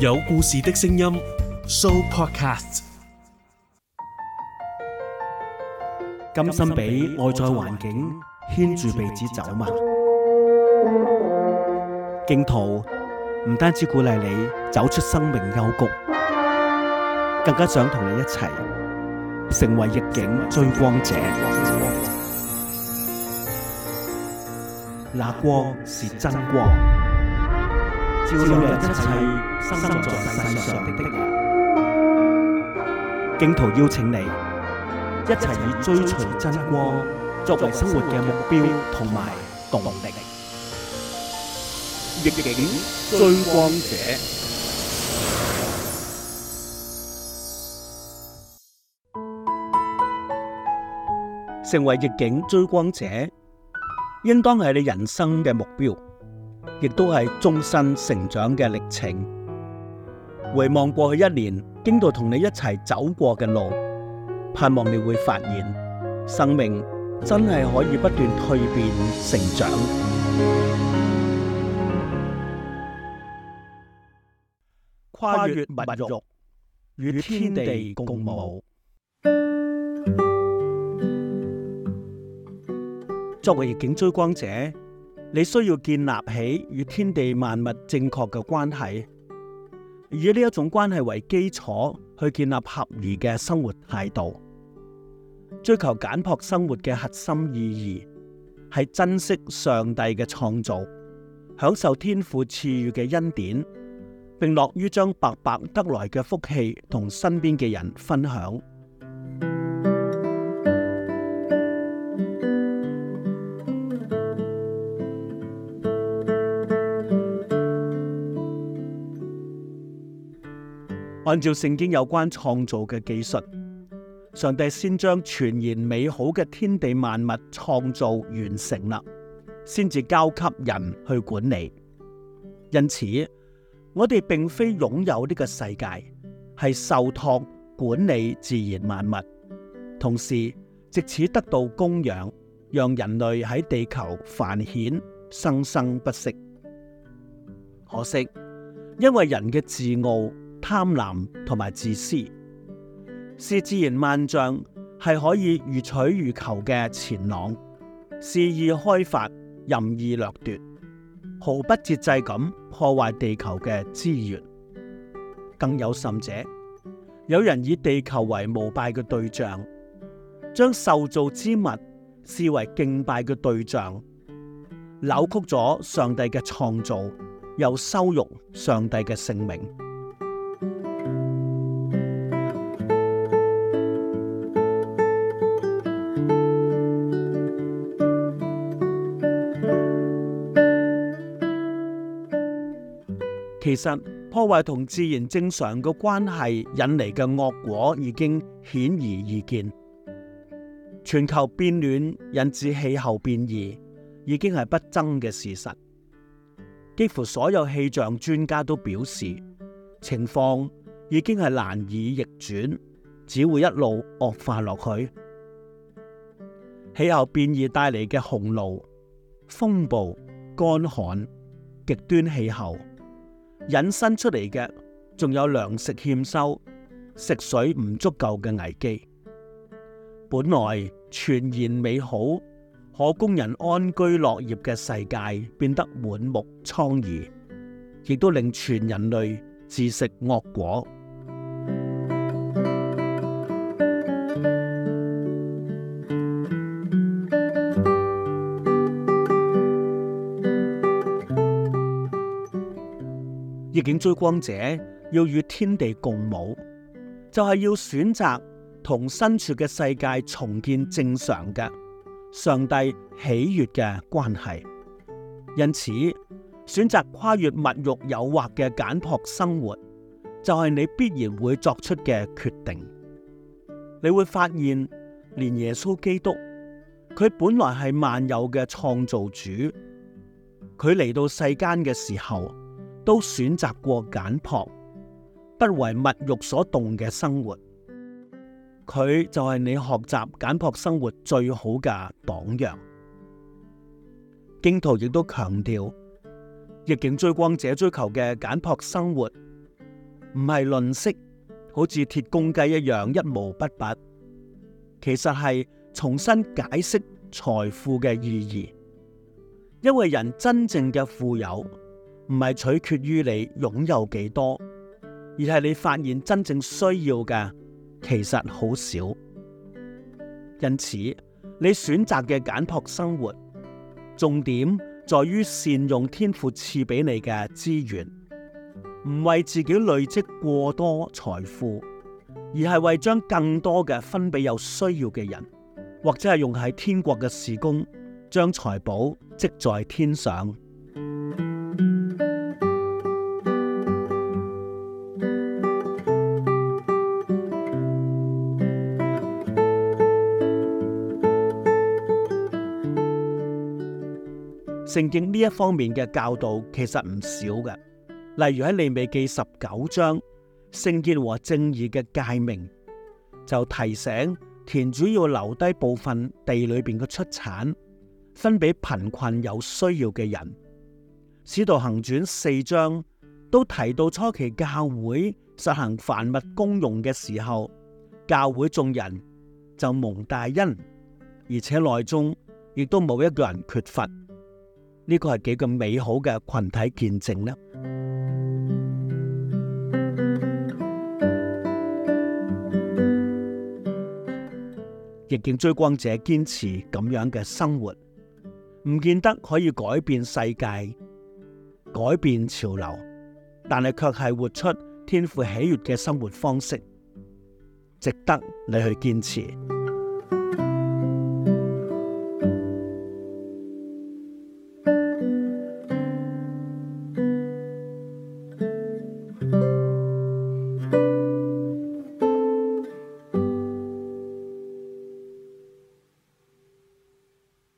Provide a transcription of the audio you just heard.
有故事的聲音，Sooopodcast。甘心俾外在環境牽住鼻子走嗎？荊徒唔單止鼓勵你走出生命幽谷，更加想同你一齊成為逆境追光者。那光是真光。照亮一切生在世上的人，荊徒邀請你一齊以追隨真光作為生活嘅目標同埋動力。逆境追光者，成為逆境追光者，應當係你人生嘅目標。亦都係終身成長嘅歷程。回望過去一年，經過同你一齊走過嘅路，盼望你會發現，生命真係可以不斷蛻變成長。跨越物慾，與天地共舞。作為逆境追光者。你需要建立起與天地萬物正確嘅關係，以呢一種關係為基礎去建立合宜嘅生活態度。追求簡樸生活嘅核心意義係珍惜上帝嘅創造，享受天父賜予嘅恩典，並樂於將白白得來嘅福氣同身邊嘅人分享。按照聖經有關創造嘅技術，上帝先將全然美好嘅天地萬物創造完成啦，先至交給人去管理。因此，我哋並非擁有呢個世界，係受託管理自然萬物，同時借此得到供養，讓人類喺地球繁衍生生不息。可惜，因為人嘅自傲。貪婪同埋自私，是自然萬象係可以如取如求嘅錢囊，肆意開發、任意掠奪，毫不節制咁破壞地球嘅資源。更有甚者，有人以地球為膜拜嘅對象，將受造之物視為敬拜嘅對象，扭曲咗上帝嘅創造，又羞辱上帝嘅聖名。其實破壞同自然正常嘅關係引嚟嘅惡果已經顯而易見。全球變暖引致氣候變異已經係不爭嘅事實，幾乎所有氣象專家都表示，情況已經係難以逆轉，只會一路惡化落去。氣候變異帶嚟嘅洪澇、風暴、乾旱、極端氣候。引申出嚟嘅，仲有糧食欠收、食水唔足夠嘅危機。本來全然美好、可供人安居樂業嘅世界，變得滿目瘡痍，亦都令全人類自食惡果。逆境追光者要與天地共舞，就係要選擇同身處嘅世界重建正常嘅上帝喜悦嘅關係。因此，選擇跨越物欲誘惑嘅簡樸生活，就係你必然會作出嘅決定。你會發現，連耶穌基督，佢本來係萬有嘅創造主，佢嚟到世間嘅時候。都選擇過簡樸、不為物欲所動嘅生活，佢就係你學習簡樸生活最好嘅榜樣。荊徒亦都強調，逆境追光者追求嘅簡樸生活，唔係吝嗇，好似鐵公雞一樣一毛不拔，其實係重新解釋財富嘅意義，因為人真正嘅富有。唔係取決於你擁有幾多，而係你發現真正需要嘅其實好少。因此，你選擇嘅簡樸生活，重點在於善用天父賜俾你嘅資源，唔為自己累積過多財富，而係為將更多嘅分俾有需要嘅人，或者係用喺天國嘅事工，將財寶積在天上。聖經呢一方面嘅教導其實唔少嘅。例如喺利未記十九章，聖潔和正義嘅誡命，就提醒田主要留低部分地裏邊嘅出產，分俾貧困有需要嘅人。使徒行傳四章都提到初期教會實行凡物公用嘅時候，教會眾人就蒙大恩，而且內中亦都冇一個人缺乏。呢、這個係幾咁美好嘅群體見證咧！逆境追光者堅持咁樣嘅生活，唔見得可以改變世界、改變潮流，但係卻係活出天父喜悅嘅生活方式，值得你去堅持。